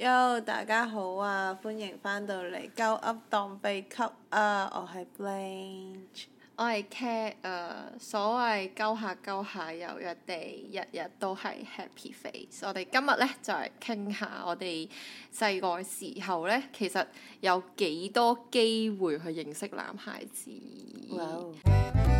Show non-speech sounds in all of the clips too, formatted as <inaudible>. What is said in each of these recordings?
Yo，大家好啊！歡迎翻到嚟，鳩噏當秘笈啊！Hmm. Up, cup, uh, 我係 Blanche，我係 Cat 啊、uh,！所謂鳩下鳩下，又一地，日日都係 happy face 我。我哋今日咧就嚟、是、傾下我哋細個時候咧，其實有幾多機會去認識男孩子。Wow. <music>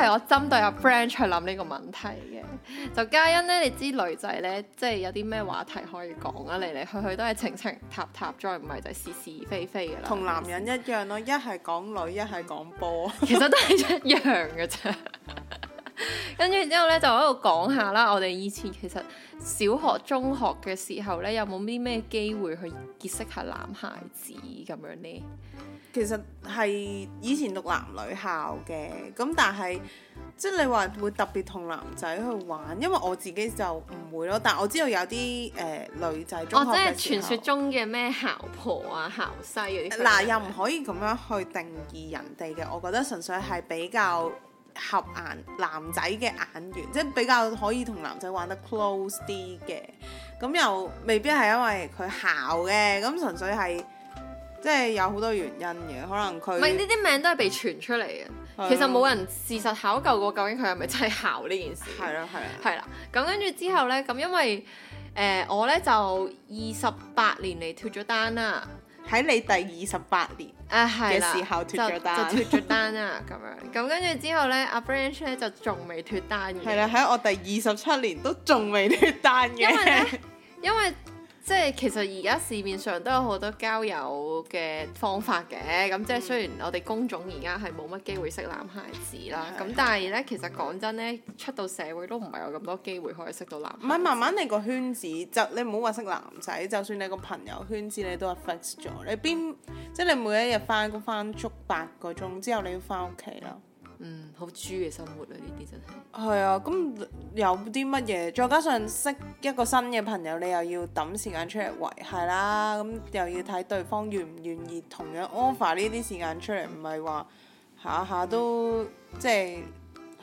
係我針對阿 Branch 去諗呢個問題嘅，就嘉欣呢，你知女仔呢，即係有啲咩話題可以講啊？嚟嚟去去都係情情塔塔，再唔係就係是是非非嘅啦。同男人一樣咯、哦，一係講女，一係講波， <laughs> 其實都係一樣嘅啫。跟住之後呢，就喺度講下啦。我哋以前其實小學、中學嘅時候呢，有冇啲咩機會去結識下男孩子咁樣子呢？其實係以前讀男女校嘅，咁但係即係你話會特別同男仔去玩，因為我自己就唔會咯。但我知道有啲誒、呃、女仔，我、哦、即係傳説中嘅咩姣婆啊、姣西嗰啲。嗱，又唔可以咁樣去定義人哋嘅。我覺得純粹係比較合眼男仔嘅眼緣，即係比較可以同男仔玩得 close 啲嘅。咁又未必係因為佢姣嘅，咁純粹係。即係有好多原因嘅，可能佢。唔係呢啲名都係被傳出嚟嘅，了其實冇人事實考究過究竟佢係咪真係孝呢件事。係啦，係啊，係啦，咁跟住之後咧，咁因為誒我咧就二十八年嚟脫咗單啦。喺你第二十八年啊，係嘅時候脫咗單，就脫咗單啦咁樣。咁跟住之後咧，阿 Branch 咧就仲未脫單嘅。係啦，喺我第二十七年都仲未脫單嘅。因為咧，因為。即係其實而家市面上都有好多交友嘅方法嘅，咁即係雖然我哋工種而家係冇乜機會識男孩子啦，咁、嗯、但係呢，其實講真呢，出到社會都唔係有咁多機會可以識到男。唔係慢慢你個圈子，就你唔好話識男仔，就算你個朋友圈子你都 fix 咗，你邊即係你每一日翻工翻足八個鐘之後，你要翻屋企囉。嗯，好豬嘅生活啊！呢啲真係係啊，咁有啲乜嘢？再加上識一個新嘅朋友，你又要揼時間出嚟維係啦，咁、嗯嗯嗯、又要睇對方願唔願意同樣 offer 呢啲時間出嚟，唔係話下下都即係。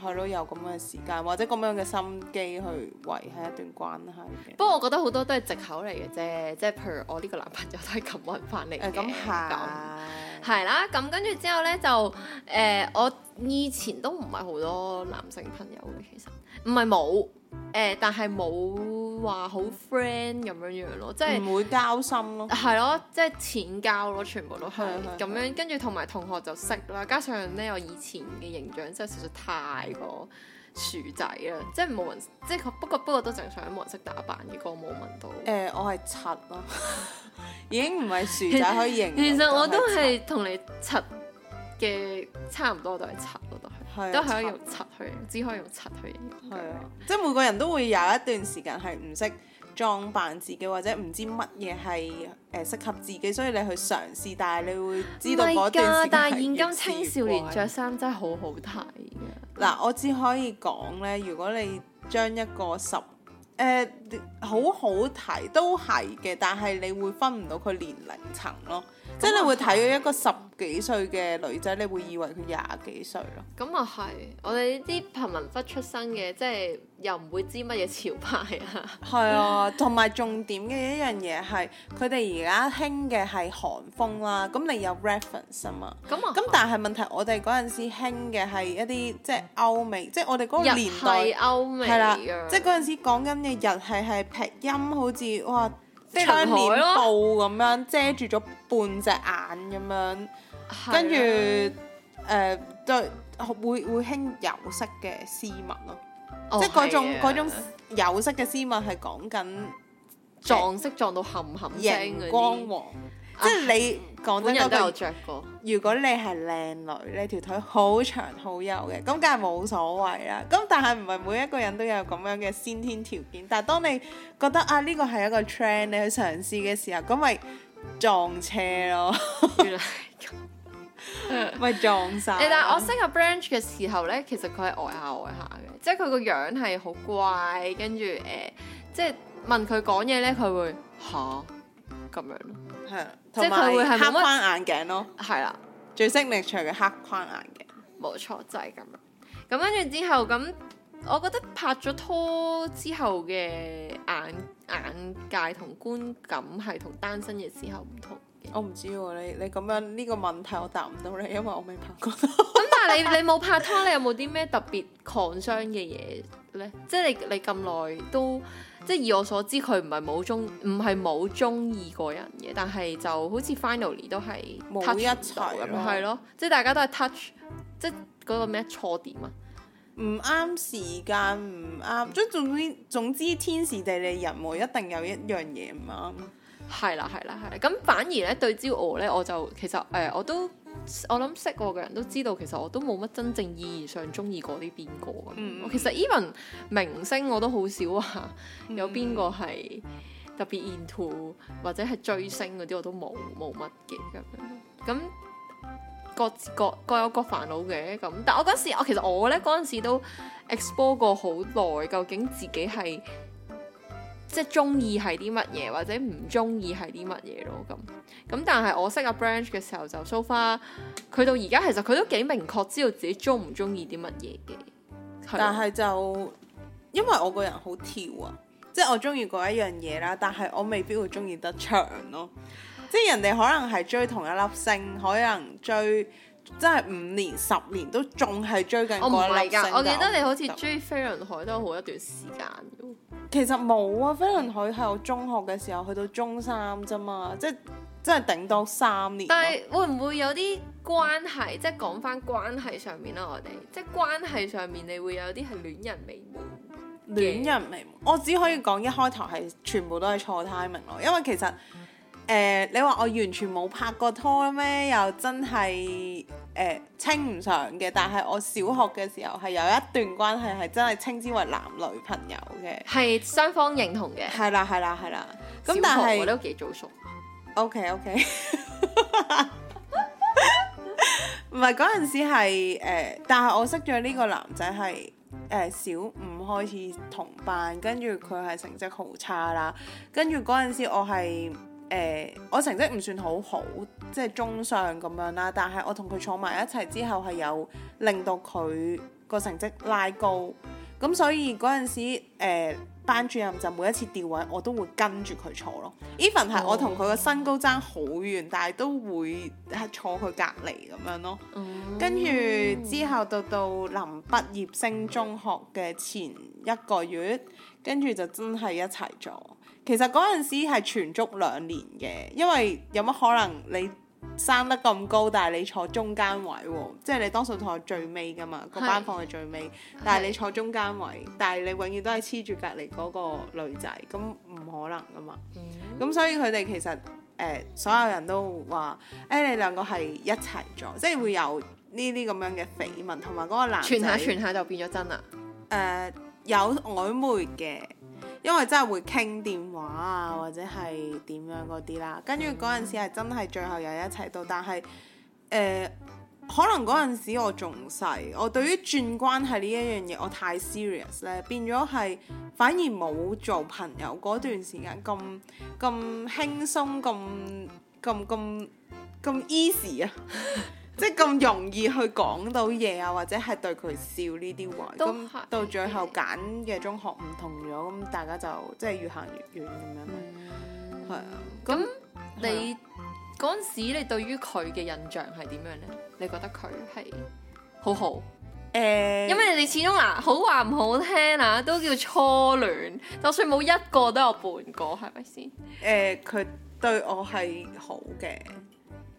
係咯，有咁樣嘅時間或者咁樣嘅心機去維係一段關係嘅。不過我覺得好多都係藉口嚟嘅啫，即係譬如我呢個男朋友都係咁揾翻嚟嘅。咁係、嗯，係、嗯、啦。咁跟住之後呢，就誒、呃，我以前都唔係好多男性朋友嘅，其實唔係冇。誒、呃，但係冇話好 friend 咁樣樣咯，即係唔會交心咯，係咯，即係淺交咯，全部都係咁對樣。跟住同埋同學就識啦，加上咧我以前嘅形象真係實在太過薯仔啦，即係冇人，即係不過不過都正常冇人識打扮嘅、呃，我冇問到。誒，我係柒咯，已經唔係薯仔可以形容。 <laughs> 其實我都係同你柒嘅差唔多，都係柒。都可以用七去，只可以用七去、去。係啊，即係每個人都會有一段時間係唔識裝扮自己，或者唔知乜嘢係誒適合自己，所以你去嘗試。但係你會知道嗰段時間。但係現今青少年着衫真係好好睇嘅。嗱， <noise> 我只可以講咧，如果你將一個十誒、呃、好好睇都係嘅，但係你會分唔到佢年齡層咯。即係你會睇到一個十幾歲嘅女仔，你會以為佢廿幾歲咯。咁啊係，我哋呢啲貧民窟出生嘅，即係又唔會知乜嘢潮牌啊。係 <laughs> 啊，同埋重點嘅一樣嘢係，佢哋而家興嘅係韓風啦。咁你有 reference 啊嘛。咁咁、就是、但係問題，我哋嗰陣時興嘅係一啲即係歐美，即係我哋嗰個年代係歐美，係啦、啊。即係嗰陣時講緊嘅日系係劈音，好似哇～窗簾布咁樣遮住咗半隻眼咁樣，跟住誒對會會興有色嘅絲襪咯，哦、即係嗰種有色嘅絲襪係講緊撞色撞到冚冚嘅光黃。即係你講真，我都有着過。如果你係靚女，你條腿好長好幼嘅，咁梗係冇所謂啦。咁但係唔係每一個人都有咁樣嘅先天條件。但係當你覺得啊，呢個係一個 trend 你去嘗試嘅時候，咁咪撞車咯。原來係咁，咪撞衫。但係我識阿 Branch 嘅時候咧，其實佢係呆下呆下嘅，即係佢個樣係好乖，跟住誒，即係問佢講嘢咧，佢會嚇咁樣。係，即係佢會係黑框眼鏡咯，係啦，最適力 i 嘅黑框眼鏡，冇錯就係咁樣。咁跟住之後，咁我覺得拍咗拖之後嘅眼眼界同觀感係同單身嘅時候唔同嘅。我唔知喎，你你咁樣呢個問題我答唔到你，因為我未拍過。咁但係你你冇拍拖，你有冇啲咩特別創傷嘅嘢咧？即係你你咁耐都。即係以我所知，佢唔係冇中，唔係冇中意過人嘅，但係就好似 finally 都係冇一齊咁係咯，即係大家都係 touch，即係嗰個咩錯點啊？唔啱時間，唔啱，即係總之總之天時地利人和一定有一樣嘢唔啱。係啦，係啦，係啦，咁反而咧對焦我咧，我就其實誒、呃、我都。我諗識過嘅人都知道，其實我都冇乜真正意義上中意過啲邊個。其實 even 明星我都好少啊，有邊個係特別 into 或者係追星嗰啲，我都冇冇乜嘅咁。咁、嗯、各，各各各有各煩惱嘅咁，但我嗰時我其實我呢嗰陣時都 explore 過好耐，究竟自己係。即係中意係啲乜嘢，或者唔中意係啲乜嘢咯咁。咁但係我識阿 Branch 嘅時候就 so far，佢到而家，其實佢都幾明確知道自己中唔中意啲乜嘢嘅。但係就因為我個人好跳啊，即係我中意嗰一樣嘢啦，但係我未必會中意得長咯。即係 <laughs> 人哋可能係追同一粒星，可能追。真係五年十年都仲係追緊，我唔係㗎。我記得你好似追飛輪海都好一段時間。其實冇啊，飛輪海喺我中學嘅時候去到中三啫嘛，即即係頂多三年。但係會唔會有啲關係？即係講翻關係上面啦，我哋即係關係上面，你會有啲係戀人未滿。戀人未滿，我只可以講一開頭係全部都係錯 timing 咯，因為其實。誒、呃，你話我完全冇拍過拖咩？又真係誒稱唔上嘅。但係我小學嘅時候係有一段關係，係真係稱之為男女朋友嘅，係雙方認同嘅。係啦，係啦，係啦。咁但係我都幾早熟。OK，OK，唔係。嗰陣時係、呃、但係我識咗呢個男仔係誒小五開始同班，跟住佢係成績好差啦。跟住嗰陣時我係。誒、呃，我成績唔算好好，即係中上咁樣啦。但係我同佢坐埋一齊之後，係有令到佢個成績拉高。咁所以嗰陣時、呃，班主任就每一次調位，我都會跟住佢坐咯。Even 係我同佢個身高爭好遠，oh. 但係都會坐佢隔離咁樣咯。跟住之後到到臨畢業升中學嘅前一個月，跟住就真係一齊坐。其實嗰陣時係全足兩年嘅，因為有乜可能你生得咁高，但係你、啊、你，的你坐中間位，即係你當數坐最尾噶嘛，個班房係最尾，但係你坐中間位，但係你永遠都係黐住隔離嗰個女仔，咁唔可能噶嘛。咁、嗯、所以佢哋其實誒、呃、所有人都話，誒、欸、你兩個係一齊咗，即係會有呢啲咁樣嘅緋聞，同埋嗰個男傳下傳下就變咗真啦。誒、呃，有曖昧嘅。因為真係會傾電話啊，或者係點樣嗰啲啦，跟住嗰陣時係真係最後又一齊到，但係誒、呃，可能嗰陣時我仲細，我對於轉關係呢一樣嘢我太 serious 咧，變咗係反而冇做朋友嗰段時間咁咁輕鬆，咁咁咁咁 easy 啊～ <laughs> 即係咁容易去講到嘢啊，或者係對佢笑呢啲話，咁是到最後揀嘅中學唔同咗，咁大家就即係越行越遠咁樣咯。係啊，咁你嗰陣時你對於佢嘅印象係點樣呢？你覺得佢係好好？誒、呃，因為你始終嗱、啊，好話唔好聽啊，都叫初戀，就算冇一個都有半個，係咪先？誒、呃，佢對我係好嘅。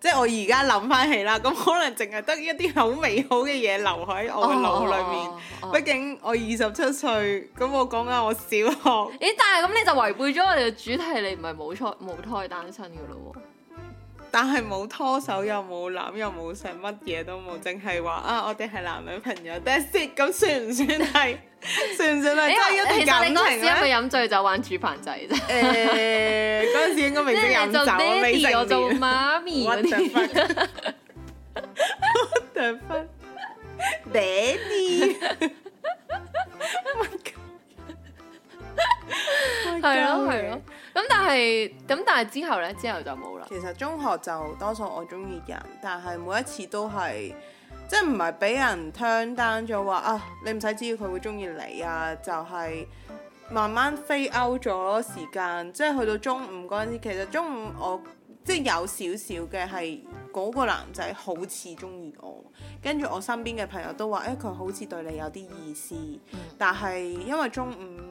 即係我而家諗翻起啦，咁可能淨係得一啲好美好嘅嘢留喺我嘅腦裏面。Oh, oh, oh, oh, oh. 畢竟我二十七歲，咁我講緊我小學。咦？但係咁你就違背咗我哋嘅主題，你唔係，冇錯，母胎單身嘅咯喎。但係冇拖手，又冇攬，又冇食，乜嘢都冇，淨係話啊！我哋係男女朋友 that's it，咁算唔算係？算唔算係？因為一定咁多人啊！其實飲醉就玩煮飯仔啫。誒、欸，嗰、那、陣、個、時應該未識飲酒，未食我做媽咪嗰啲、oh。我頂翻，Daddy。係咯係咯。咁但係，咁但係之後呢，之後就冇啦。其實中學就多數我中意人，但係每一次都係，即係唔係俾人 turn down 咗話啊？你唔使知佢會中意你啊！就係、是、慢慢飛歐咗時間，即係去到中五嗰陣時，其實中五我。即係有少少嘅係嗰個男仔好似中意我，跟住我身邊嘅朋友都話，誒、欸、佢好似對你有啲意思。但係因為中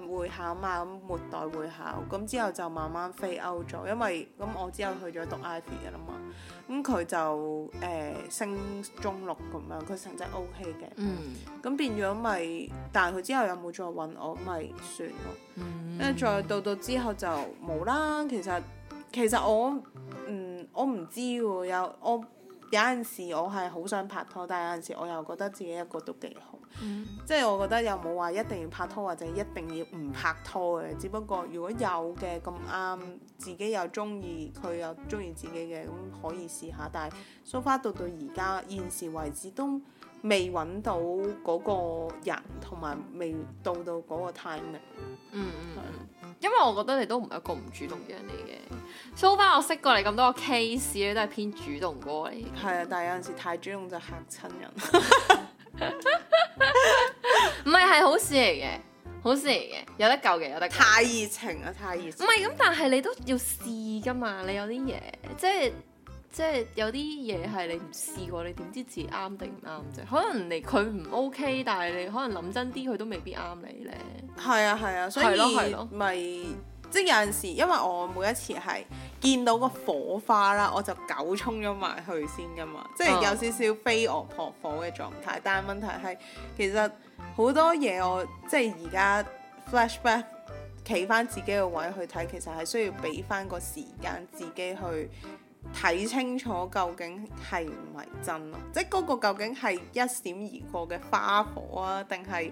五會考嘛，咁末代會考，咁之後就慢慢飛歐咗。因為咁我之後去咗讀 Ivy 噶啦嘛，咁佢就誒、欸、升中六咁樣，佢成績 O K 嘅。咁、嗯、變咗咪、就是，但係佢之後有冇再揾我咪算咯。因為、嗯、再到到之後就冇啦，其實。其實我唔、嗯，我唔知喎，有我有陣時我係好想拍拖，但係有陣時我又覺得自己一個都幾好，嗯、即係我覺得又冇話一定要拍拖或者一定要唔拍拖嘅，只不過如果有嘅咁啱，自己又中意佢又中意自己嘅咁可以試下，但係 so far 到到而家現時為止都，未搵到嗰個人，同埋未到到嗰個 timing。嗯嗯，因為我覺得你都唔係一個唔主動嘅人嚟嘅。so far 我識過你咁多個 case 咧，你都係偏主動嗰個嚟。係啊，但係有陣時太主動就嚇親人。唔係，係好事嚟嘅，好事嚟嘅，有得救嘅，有得救，太太熱情啊，太熱情。唔係咁，但係你都要試噶嘛。你有啲嘢即係。即係有啲嘢係你唔試過，你點知自己啱定唔啱啫？可能你佢唔 OK，但係你可能諗真啲，佢都未必啱你咧。係啊係啊，所以咪即係有陣時，因為我每一次係見到個火花啦，我就狗衝咗埋去先噶嘛，即係、嗯、有少少飛蛾撲火嘅狀態。但係問題係，其實好多嘢我即係而家 flashback 企翻自己嘅位去睇，其實係需要俾翻個時間自己去。睇清楚究竟係唔係真咯？即係嗰個究竟係一閃而過嘅花火啊，定係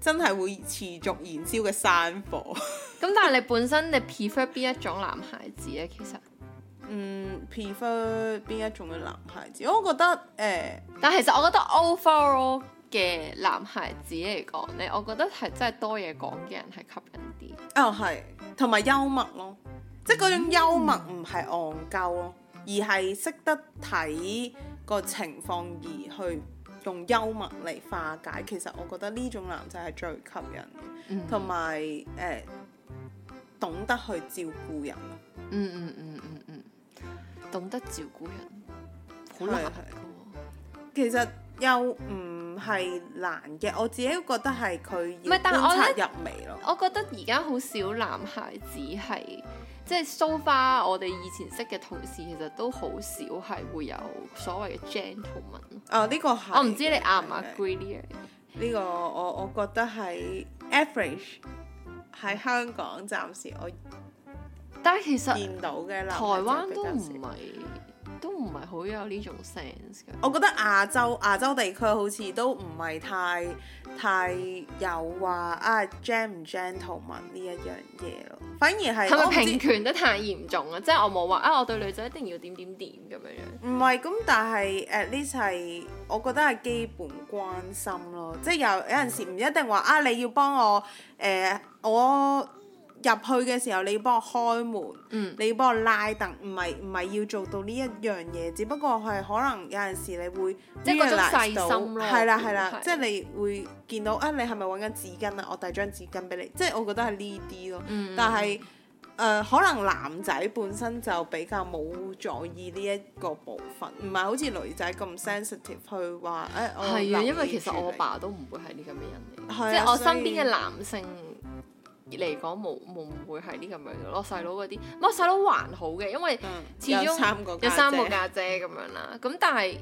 真係會持續燃燒嘅山火？咁但係你本身 <laughs> 你 prefer 邊一種男孩子咧？其實嗯，嗯，prefer 邊一種嘅男孩子？我覺得誒，欸、但係其實我覺得 over 咯嘅男孩子嚟講咧，我覺得係真係多嘢講嘅人係吸引啲。啊係、哦，同埋幽默咯。嗯、即係嗰種幽默唔係戇鳩咯，嗯、而係識得睇個情況而去用幽默嚟化解。嗯、其實我覺得呢種男仔係最吸引嘅，同埋誒懂得去照顧人。嗯嗯嗯嗯嗯，懂得照顧人好難嘅。其實又唔係難嘅，我自己覺得係佢要觀察入微咯。我覺得而家好少男孩子係。即係 so far，我哋以前識嘅同事其實都好少係會有所謂嘅 gentleman。啊、哦，呢、這個係我唔知你啱唔啱 green 呢樣。呢個我我覺得係 average 喺香港暫時我，但係其實見到嘅喇，台灣都唔係。都唔係好有呢種 sense 嘅，我覺得亞洲亞洲地區好似都唔係太太有話啊 gent 唔 gentleman，呢一樣嘢咯，反而係係咪平權得太嚴重啊？即係我冇話啊，我對女仔一定要點點點咁樣樣，唔係咁，但係 at least 係我覺得係基本關心咯，即係有有陣時唔一定話啊你要幫我誒、呃、我。入去嘅時候，你要幫我開門，嗯、你要幫我拉凳，唔係唔係要做到呢一樣嘢，只不過係可能有陣時你會即係嗰種細心咯，係啦係啦，即係充的你會見到啊，你係咪揾緊紙巾啊？我遞張紙巾俾你，即、就、係、是、我覺得係呢啲咯。但係誒，可能男仔本身就比較冇在意呢一個部分，唔係好似女仔咁 sensitive 去話誒，我係啊，因為其實我爸都唔會係呢咁嘅人嚟，即係我身邊嘅男性。嚟講冇冇唔會係呢咁樣咯，細佬嗰啲，我細佬還好嘅，因為始終、嗯、有三個家姐咁樣啦。咁但係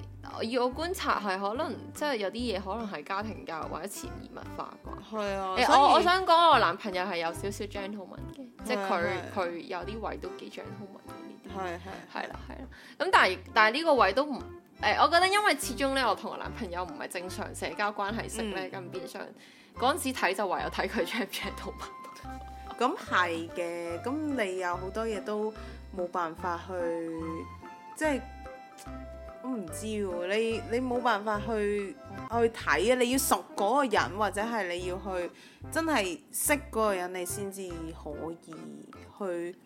要我觀察係可能即係有啲嘢可能係家庭教育或者潛移默化啩。係啊，欸、我我想講我男朋友係有少少 gentleman 嘅，啊、即係佢佢有啲位都幾 gentleman 嘅呢啲。係係係啦係啦。咁、啊啊啊啊、但係但係呢個位都唔誒、欸，我覺得因為始終咧，我同我男朋友唔係正常社交關係識咧，咁、嗯、變相嗰陣時睇就唯有睇佢 gentleman。咁係嘅，咁你有好多嘢都冇辦法去，即係我唔知喎。你你冇辦法去去睇啊！你要熟嗰個人，或者係你要去真係識嗰個人，你先至可以去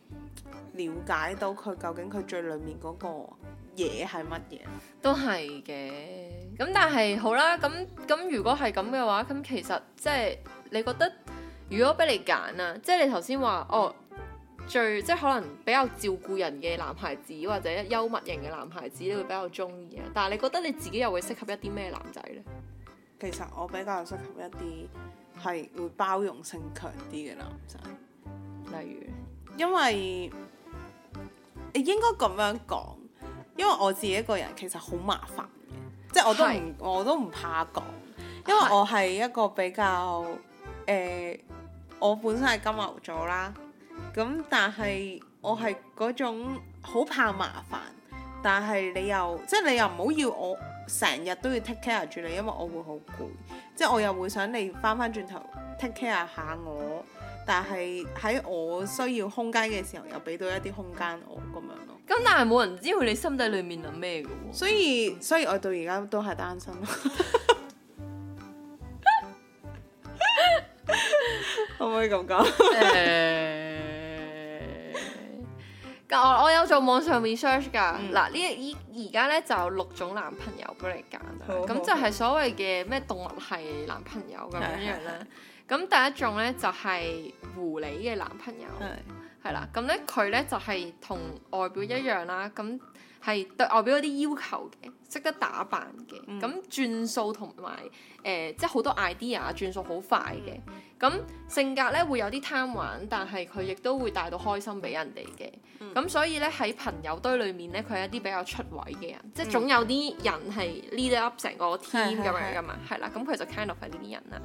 了解到佢究竟佢最裏面嗰個嘢係乜嘢。都係嘅，咁但係好啦，咁咁如果係咁嘅話，咁其實即係、就是、你覺得。如果俾你揀啊，即係你頭先話哦，最即係可能比較照顧人嘅男孩子，或者幽默型嘅男孩子，你會比較中意啊。但係你覺得你自己又會適合一啲咩男仔呢？其實我比較適合一啲係會包容性強啲嘅男仔。例如，因為你應該咁樣講，因為我自己一個人其實好麻煩嘅，即係我都唔是我都唔怕講，因為我係一個比較誒。呃我本身係金牛座啦，咁但係我係嗰種好怕麻煩，但係你又即係、就是、你又唔好要我成日都要 take care 住你，因為我會好攰，即、就、係、是、我又會想你翻翻轉頭 take care 下我，但係喺我需要空間嘅時候又俾到一啲空間我咁樣咯。咁但係冇人知佢你心底裏面諗咩嘅喎。所以所以我到而家都係單身咯。 <laughs> 可唔可以咁講？誒、 <laughs> uh，我我有做網上 research 㗎。嗱、嗯，呢依而家咧就有六種男朋友俾你揀，咁好就係所謂嘅咩動物系男朋友咁樣樣啦。咁第一種咧就係狐狸嘅男朋友，係啦對。咁咧佢咧就係同外表一樣啦。咁係對外表有啲要求嘅，識得打扮嘅，咁、嗯、轉數同埋誒，即係好多 idea，轉數好快嘅，咁、嗯、性格咧會有啲貪玩，但係佢亦都會帶到開心俾人哋嘅，咁、嗯、所以咧喺朋友堆裏面咧，佢係一啲比較出位嘅人，嗯、即係總有啲人係 lead up 成個 team 咁樣噶、嗯、嘛，係啦，咁佢就 kind of 係呢啲人啦。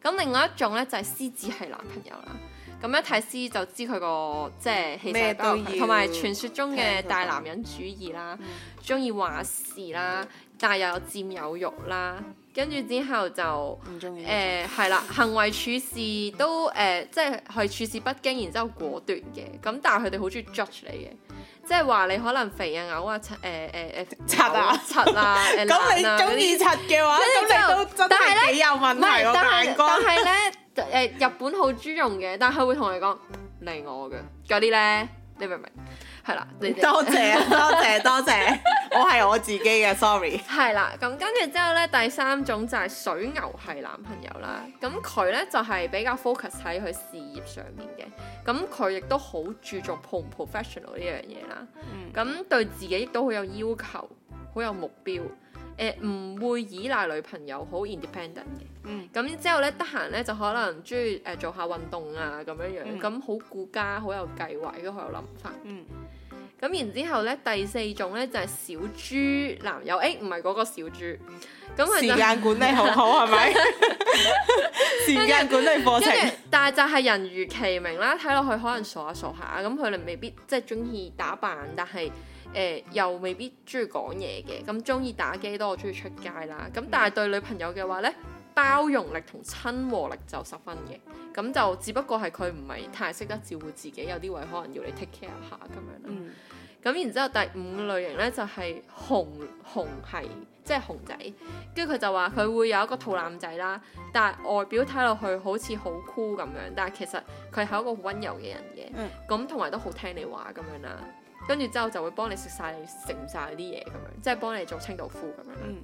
咁另外一種咧就係、是、獅子係男朋友啦。嗯嗯。咁、嗯、一睇詩就知佢個即係其實同埋傳説中嘅大男人主義啦，中意、嗯、話事啦，但係又有佔有欲啦，跟住之後就唔中意。誒係啦，行為處事都誒、呃、即係去處事不驚，然之後果斷嘅，咁但係佢哋好中意 judge 你嘅。即係話你可能肥啊、嘔啊、拆誒誒誒拆啊、拆、呃呃、啊，咁、啊呃、 <laughs> 你中意拆嘅話，咁 <laughs> 你都真係你 <laughs> 呢有問題喎！但係咧誒日本好尊重嘅，但係佢會同你講離我嘅嗰啲咧，你明唔明？係啦，多謝多謝多謝， <laughs> 我係我自己嘅，sorry。係啦，咁跟住之後咧，第三種就係水牛係男朋友啦。咁佢咧就係比較 focus 喺佢事業上面嘅，咁佢亦都好注重 pro professional 呢樣嘢啦。咁、嗯、對自己亦都好有要求，好有目標。誒、唔、呃、會依賴女朋友，好 independent 嘅。嗯。咁之後咧，得閒咧就可能中意誒做下運動啊，咁樣、嗯、樣。咁好顧家，好有計劃，都好有諗法。嗯。咁然之後咧，第四種咧就係、是、小豬男友。誒、欸，唔係嗰個小豬。咁、就是、佢時間管理好好係咪？時間管理課程。但係就係人如其名啦，睇落去可能傻下傻下，咁佢哋未必即係中意打扮，但係。誒、呃、又未必中意講嘢嘅，咁中意打機多過中意出街啦。咁但係對女朋友嘅話呢，包容力同親和力就十分嘅。咁就只不過係佢唔係太識得照顧自己，有啲位可能要你 take care 下咁樣啦。咁、嗯、然之後第五類型呢，就係熊熊，係即係熊仔，跟住佢就話佢會有一個肚腩仔啦，但係外表睇落去好似好酷咁樣，但係其實佢係一個好温柔嘅人嘅。咁同埋都好聽你話咁樣啦。跟住之後就會幫你食晒，你食唔晒嗰啲嘢咁樣，即係幫你做清道夫咁樣。嗯，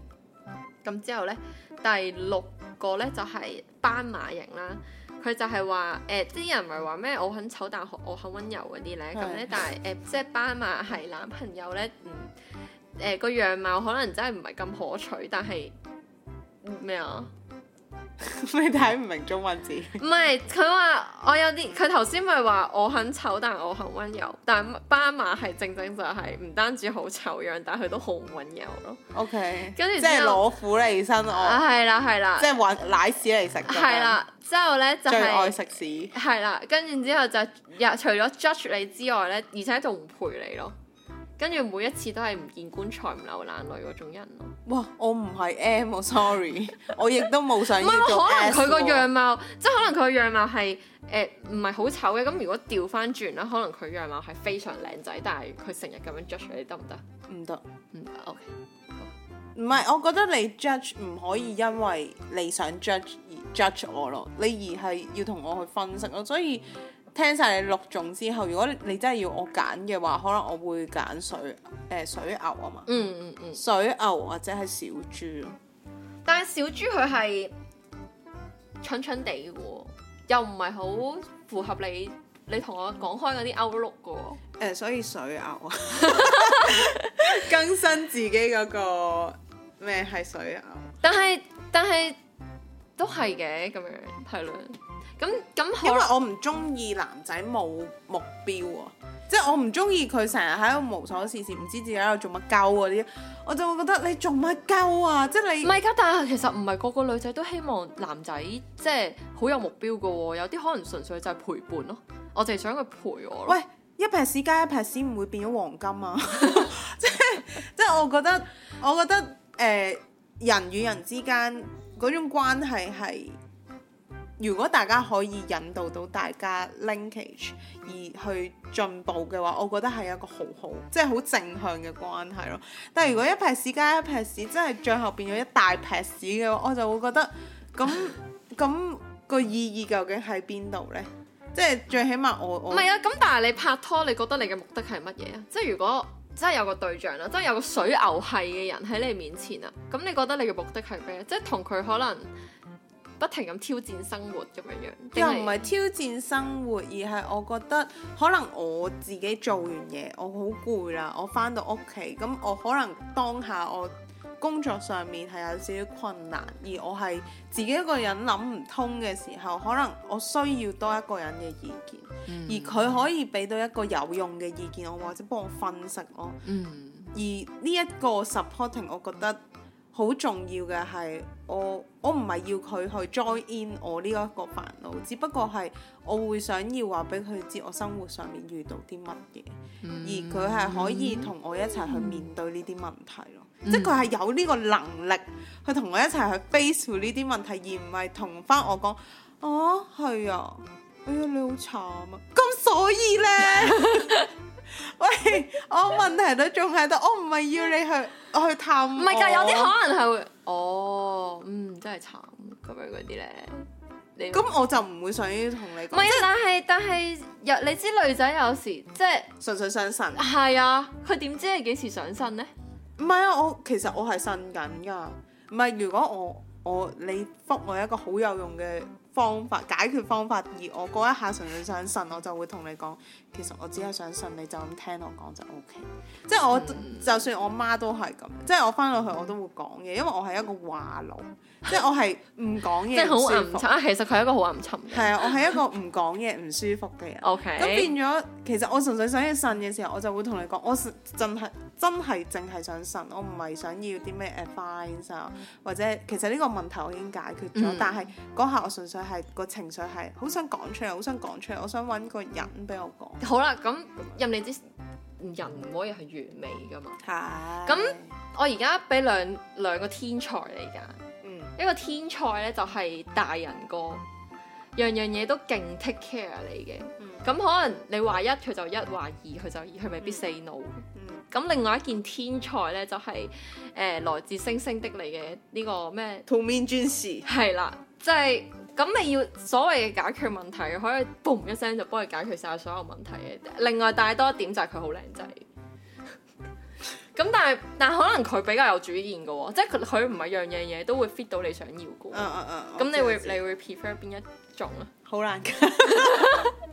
咁之後呢，第六個呢就係斑馬型啦。佢就係話誒，啲人唔係話咩我很醜，但係我很温柔嗰啲呢。咁呢，但係誒，即係斑馬係男朋友呢，誒，個樣貌可能真係唔係咁可取，但係咩啊？嗯嗯 <laughs> 你睇唔明中文字？唔係佢話我有啲佢頭先咪話我很醜，但我很温柔。但斑馬係正正就係、是、唔單止好醜樣，但佢都好唔温柔咯。OK，跟住後即係攞苦嚟辛。啊、我。係啦係啦，即係搵奶屎嚟食。係啦，之的後咧就係、是、最愛食屎。係啦，跟住之後就又除咗 judge 你之外咧，而且仲唔陪你咯。跟住每一次都係唔見棺材唔流眼淚嗰種人咯。哇！我唔係 M，哦、sorry <laughs> 我 sorry，我亦都冇想要做。唔係，可能佢個樣貌，哦、即係可能佢個樣貌係誒唔係好醜嘅。咁如果調翻轉啦，可能佢樣貌係、呃、非常靚仔，但係佢成日咁樣 judge 你得唔得？唔得行，唔得。OK，唔係，我覺得你 judge 唔可以因為你想 judge 而 judge 我咯，你而係要同我去分析咯，所以。聽晒你六種之後，如果你真係要我揀嘅話，可能我會揀水誒水牛啊嘛，嗯嗯嗯，水牛、嗯嗯嗯、水牛或者係小豬咯。但係小豬佢係蠢蠢地嘅，又唔係好符合你你同我講開嗰啲歐陸嘅。誒、嗯，所以水牛啊， <laughs> <laughs> 更新自己嗰，那個咩係水牛？但係但係都係嘅，咁樣係咯。咁咁，可能因為我唔中意男仔冇目標啊，即係我唔中意佢成日喺度無所事事，唔知自己喺度做乜鳩嗰啲，我就會覺得你做乜鳩啊！即係你唔係噶，但係其實唔係個個女仔都希望男仔即係好有目標噶喎、啊，有啲可能純粹就係陪伴咯、啊，我淨係想佢陪我咯、啊。喂，一撇屎加一撇屎唔會變咗黃金啊！ <laughs> <laughs> 即係即係，我覺得我覺得誒人與人之間嗰種關係係。如果大家可以引導到大家 linkage 而去進步嘅話，我覺得係一個好好，即係好正向嘅關係咯。但係如果一撇屎加一撇屎，真係最後變咗一大撇屎嘅話，我就會覺得咁咁，那個意義究竟喺邊度呢？即係最起碼我我唔係啊！咁但係你拍拖，你覺得你嘅目的係乜嘢啊？即係如果真係有個對象啦，真係有個水牛係嘅人喺你面前啊，咁你覺得你嘅目的係咩？即係同佢可能。不停咁挑戰生活咁樣樣，又唔係挑戰生活，而係我覺得可能我自己做完嘢，我好攰啦，我翻到屋企，咁我可能當下我工作上面係有少少困難，而我係自己一個人諗唔通嘅時候，可能我需要多一個人嘅意見，而佢可以俾到一個有用嘅意見我，或者幫我分析我。嗯。而呢一個 supporting，我覺得。好重要嘅係，我我唔係要佢去 join in 我呢一個煩惱，只不過係我會想要話俾佢知我生活上面遇到啲乜嘢，而佢係可以同我一齊去面對呢啲問題咯，嗯、即係佢係有呢個能力去同我一齊去 face 呢啲問題，而唔係同翻我講哦，係啊，啊，哎呀你好慘啊，咁所以咧。 <laughs> 喂， <laughs> 我問題都仲喺度，我唔係要你去 <laughs> 去探，唔係噶，有啲可能係會，哦，嗯，真係慘，咁樣嗰啲咧，你，咁我就唔會想同你講，唔係，但係但係有，你知女仔有時即係，純純上身。係啊，佢點知你幾時上身呢？唔係啊，我其實我係信緊噶，唔係，如果我我你複我一個好有用嘅。方法解決方法，而我嗰一下純粹想呻，我就會同你講，其實我只係想呻你，就咁聽我講就 O K。即係我、嗯、就算我媽都係咁，嗯、即係我翻到去我都會講嘢，因為我係一個話癆， <laughs> 即係我係唔講嘢，即係好暗沉。啊，其實佢係一個好暗沉嘅。係啊，我係一個唔講嘢唔舒服嘅人。O K。咁變咗，其實我純粹想要呻嘅時候，我就會同你講，我真係，真係淨係想呻，我唔係想要啲咩 advice 啊，或者其實呢個問題我已經解決咗，嗯、但係嗰下我純粹係個情緒係好想講出嚟，好想講出嚟，我想揾個人俾我講。好啦，咁樣任你知，人唔可以係完美噶嘛。係是。咁我而家俾兩兩個天才嚟揀。嗯。一個天才呢，就係、是、大人哥，樣樣嘢都勁 take care 你嘅。咁、嗯、可能你話一佢就一，話二佢就二，佢未必 say no。嗯咁另外一件天才咧，就係、是、誒、呃、來自星星的你嘅呢個咩？童面鑽石係啦，即係咁你要所謂嘅解決問題，可以嘣一聲就幫佢解決晒所有問題嘅。另外帶多一點就係佢好靚仔。咁 <laughs> <laughs> <laughs> <laughs> <laughs> 但係但可能佢比較有主見嘅喎、哦，即係佢佢唔係樣樣嘢都會 fit 到你想要嘅。嗯咁、uh, uh, 你會 uh, uh, 你會,、uh. 會 prefer 邊一種咧？好難。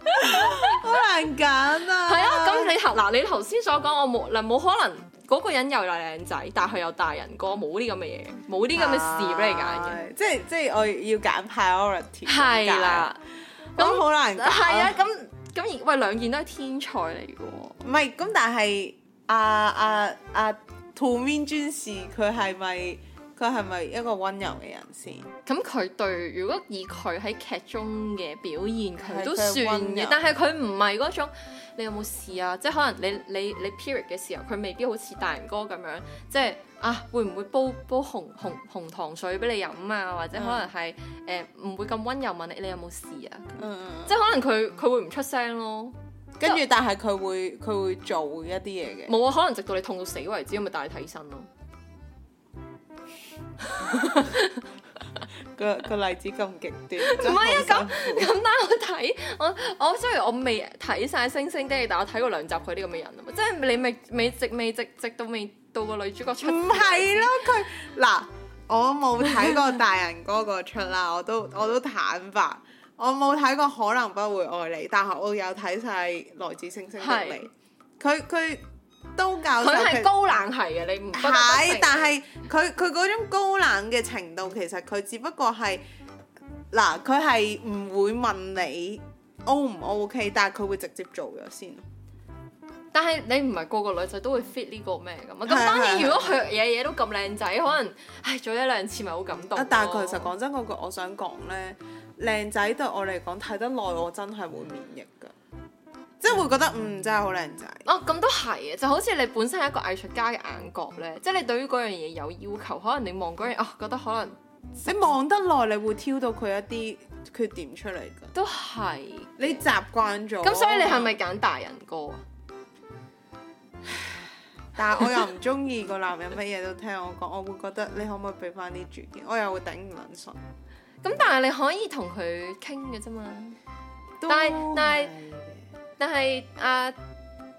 好 <laughs> <laughs> 難揀啊！係啊，咁你頭嗱，你頭先所講，我冇嗱，冇可能嗰個人又又靚仔，但係佢又大人過，冇啲咁嘅嘢，冇啲咁嘅事俾你揀嘅、啊，即係即係我要揀 priority。係啦，咁好難揀。係啊，咁咁而喂，兩件都係天才嚟嘅，唔係咁，但係阿阿阿都敏俊 si，佢係咪？啊啊佢係咪一個溫柔嘅人先？咁佢對如果以佢喺劇中嘅表現，佢都算嘅。但係佢唔係嗰種，你有冇事啊？即係可能你你你 period 嘅時候，佢未必好似大仁哥咁樣，嗯、即係啊會唔會煲煲，煲紅紅紅糖水俾你飲啊？或者可能係誒唔會咁溫柔問你你有冇事啊？嗯、即係可能佢佢會唔出聲咯，跟住著就但係佢會佢會做一啲嘢嘅。冇啊，可能直到你痛到死為止，咪帶你睇醫生咯。 <laughs> 個個例子咁極端，唔係啊？咁咁拉我睇，我我雖然我未睇晒《星星的你》，但我睇過兩集佢呢個嘅人，即係你未未，未直未直直到未到個女主角出。唔係咯？佢嗱， <laughs> 我冇睇過大人哥個出啦，我都我都坦白，我冇睇過可能不會愛你，但係我有睇晒來自星星的你，佢佢，是都教佢係高冷係啊！的你唔係，但係佢佢嗰種高冷嘅程度，其實佢只不過係嗱，佢係唔會問你 O 唔 OK，但係佢會直接做咗先。但係你唔係個個女仔都會 fit 呢個咩咁啊？咁當然，是如果佢嘢嘢都咁靚仔，可能唉、哎、做一兩次咪好感動。但係佢其實講真嗰句，我想講呢靚仔對我嚟講睇得耐，我真係會免疫。即係會覺得嗯，真係好靚仔哦，咁都係啊！就是，好似你本身係一個藝術家嘅眼角咧，即係你對於嗰樣嘢有要求，可能你望嗰樣哦，覺得可能你望得耐，你會挑到佢一啲缺點出嚟噶是。都係你習慣咗。咁所以你係咪揀大人歌啊？ <laughs> 但係我又唔中意個男人乜嘢都聽我講，我會覺得你可唔可以俾翻啲主見？我又會頂唔順。咁、嗯、但係你可以同佢傾嘅啫嘛。是但係但係。但係阿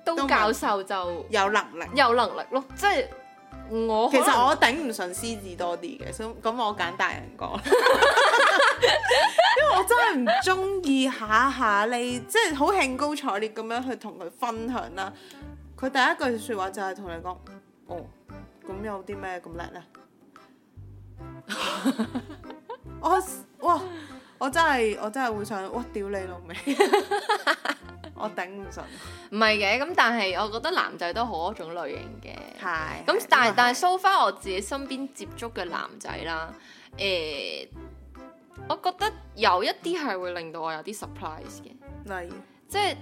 都教授就有能力，有能力咯，即係我其實我頂唔順獅子多啲嘅，所以咁我揀大人講，因為我真係唔中意下下你即係好興高采烈咁樣去同佢分享啦。佢第一句說話就係同你講：哦，咁有啲咩咁叻呢？我哇！我真係我真係會想，我屌你老味！我頂唔順，唔係嘅，咁但係我覺得男仔都好多種類型嘅，係，咁但係但係，so 翻我自己身邊接觸嘅男仔啦，誒，我覺得有一啲係會令到我有啲 surprise 嘅，例如，即係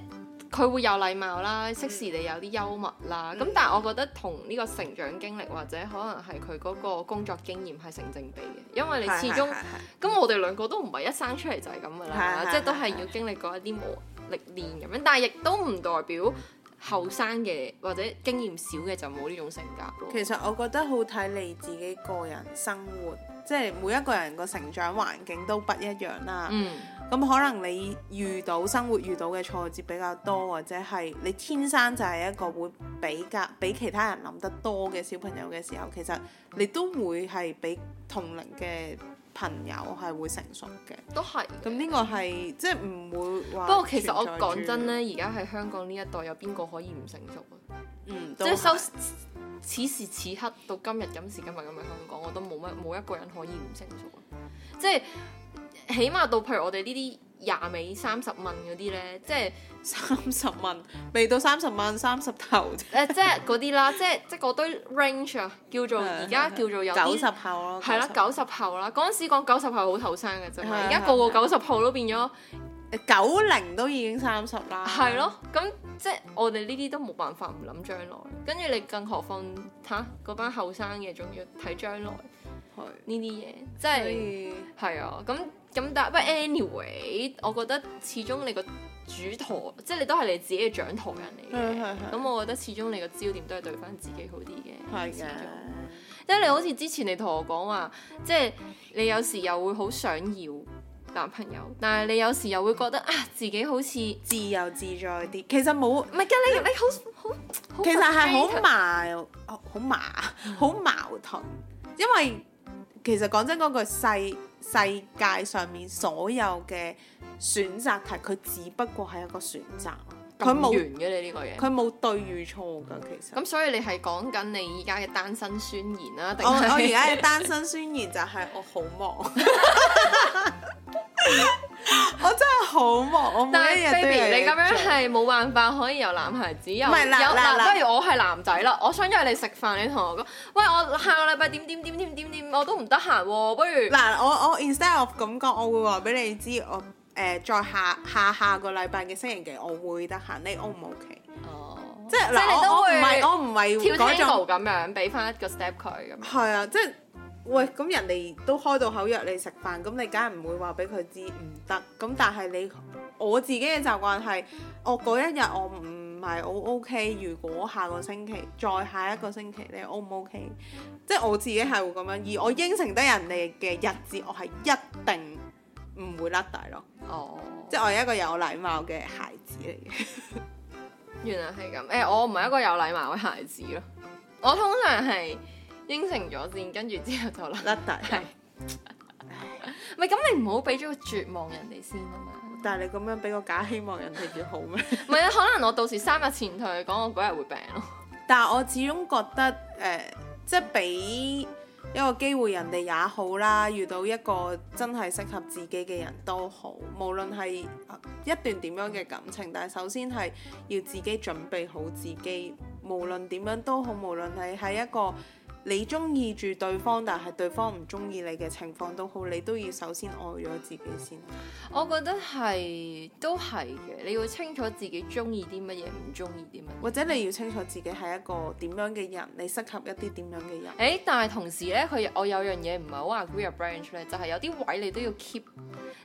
佢會有禮貌啦，適時地有啲幽默啦，咁但係我覺得同呢個成長經歷或者可能係佢嗰個工作經驗係成正比嘅，因為你始終，咁我哋兩個都唔係一生出嚟就係咁噶啦，即係都係要經歷過一啲磨。歷練咁樣，但係亦都唔代表後生嘅或者經驗少嘅就冇呢種性格。其實我覺得好睇你自己個人生活，即係每一個人個成長環境都不一樣啦。嗯，咁可能你遇到生活遇到嘅挫折比較多，或者係你天生就係一個會比較比其他人諗得多嘅小朋友嘅時候，其實你都會係比同齡嘅。朋友係會成熟嘅，都係。咁呢個係即係唔會話。不過其實我講真呢，而家喺香港呢一代，有邊個可以唔成熟啊？嗯，即係收此時此刻到今日，今時今日咁嘅香港，我都冇乜，冇一個人可以唔成熟啊！即係起碼到譬如我哋呢啲。廿尾三十蚊嗰啲咧，即係三十蚊，未到三十蚊，三十頭。誒、呃，即係嗰啲啦， <laughs> 即係即係嗰堆 range 啊，叫做而家叫做有啲九十後咯，係啦、啊，九十後啦，嗰陣時講九十後好後生嘅啫，而家、啊啊、個個九十後都變咗九零都已經三十啦。係咯、啊，咁即係我哋呢啲都冇辦法唔諗將來，跟住你更何況吓，嗰班後生嘅，仲要睇將來呢啲嘢，即係係啊，咁。咁但不 anyway，我覺得始終你個主舵，即係你都係你自己嘅掌舵人嚟嘅。咁的我覺得始終你個焦點都係對翻自己好啲嘅。係嘅是的，即係你好似之前你同我講話，即係你有時又會好想要男朋友，但係你有時又會覺得啊，自己好似自由自在啲。其實冇，唔係㗎，你你好好，好好其實係好麻，好麻，好矛盾。 <laughs> 因為其實講真嗰句細。世界上面所有嘅選擇題，佢只不過係一個選擇。佢冇完嘅你呢個嘢，佢冇對與錯噶其實。咁所以你係講緊你而家嘅單身宣言啦，定係？我而家嘅單身宣言就係我好忙, <laughs> <laughs> 忙，我真係好忙。但係 baby 你咁樣係冇辦法可以有男孩子，又唔係嗱嗱嗱，不如我係男仔啦，我想約你食飯，你同我講，喂，我下個禮拜點點點點點點，我都唔得閒喎。不如嗱，我我,我 instead of 咁講，我會話俾你知我。誒、呃，再下下下個禮拜嘅星期幾，我會得閒，你 O 唔 O K？哦，oh。即係是嗱，我唔係，我唔係嗰種咁樣，俾翻一個 step 佢咁。係啊，即係，喂，咁人哋都開到口約你食飯，咁你梗係唔會話俾佢知唔得。咁但係你我自己嘅習慣係，我嗰一日我唔係好 O K。Okay，如果下個星期再下一個星期，你 O 唔 O K？即係我自己係會咁樣，而我應承得人哋嘅日子，我係一定。唔會甩底咯，oh. 即係我係一個有禮貌嘅孩子嚟嘅。 <laughs> 原來係咁，誒、欸、我唔係一個有禮貌嘅孩子咯。我通常係應承咗先，跟住之後就甩底。大。唔係咁，你唔好俾咗個絕望人哋先啊嘛。但係你咁樣俾個假希望人哋叫好咩？唔係啊，可能我到時三日前同佢講，我嗰日會病咯。但係我始終覺得誒、呃，即係俾。一個機會人哋也好啦，遇到一個真係適合自己嘅人都好，無論係一段點樣嘅感情，但係首先係要自己準備好自己，無論點樣都好，無論係喺一個。你中意住對方，但係對方唔中意你嘅情況都好，你都要首先愛咗自己先。我覺得係都係嘅，你要清楚自己中意啲乜嘢，唔中意啲乜嘢，或者你要清楚自己係一個點樣嘅人，你適合一啲點樣嘅人。誒、欸，但係同時咧，佢我有樣嘢唔係好 agree 阿 Branch 咧，就係、是、有啲位你都要 keep，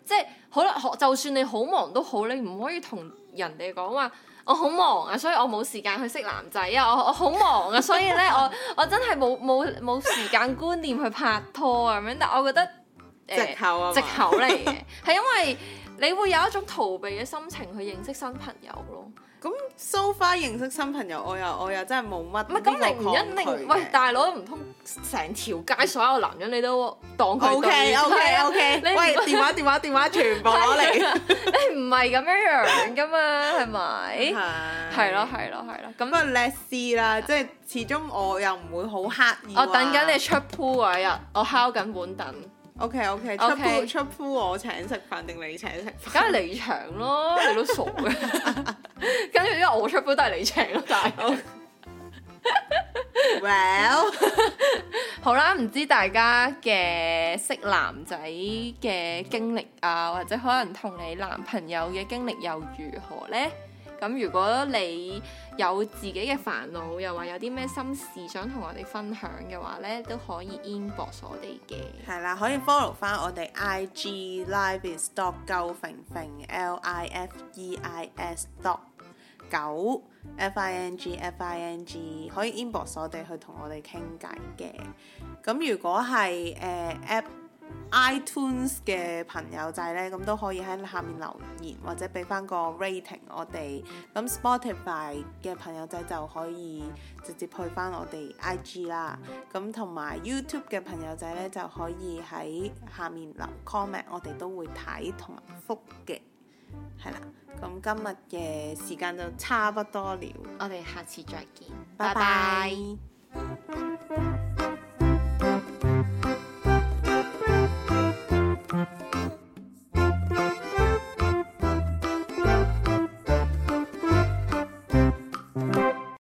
即、就、係、是、好啦，學就算你好忙都好，你唔可以同。人哋講話我好忙啊，所以我冇時間去識男仔啊，我我好忙啊，所以咧 <laughs> 我我真係冇冇冇時間觀念去拍拖啊咁樣，但我覺得、呃、藉口係咪藉口嚟嘅，係 <laughs> 因為你會有一種逃避嘅心情去認識新朋友咯。咁 so far 認識新朋友，我又我又真係冇乜。唔係咁，你唔一定。喂，大佬唔通成條街所有男人你都當佢？OK OK OK。喂，電話電話電話，全部攞嚟。你唔係咁樣樣噶嘛，係咪？係係咯係咯係咯。咁啊 let's see 啦，即係始終我又唔會好刻意。我等緊你出 pool 嗰日，我敲緊本凳。O K O K，出鋪出鋪，我請食飯定你請食飯？梗係你請咯，你都傻嘅。 <laughs> 跟住因為我出鋪都係你請咯，大佬 Well 好啦，唔知大家嘅識男仔嘅經歷啊，或者可能同你男朋友嘅經歷又如何呢？咁如果你有自己嘅煩惱，又話有啲咩心事想同我哋分享嘅話咧，都可以 inbox 我哋嘅。係啦，可以 follow 翻我哋 i g life is dot 九 fing fing l i f e i s dot 九 f i n g f i n g，可以 inbox 我哋去同我哋傾偈嘅。咁如果係誒、呃、app。iTunes 嘅朋友仔呢，咁都可以喺下面留言或者俾翻個 rating 我哋。咁 Spotify 嘅朋友仔就可以直接去翻我哋 IG 啦。咁同埋 YouTube 嘅朋友仔呢，就可以喺下面留 comment，我哋都會睇同埋覆嘅。係啦，咁今日嘅時間就差不多了，我哋下次再見，拜拜 bye。Bye bye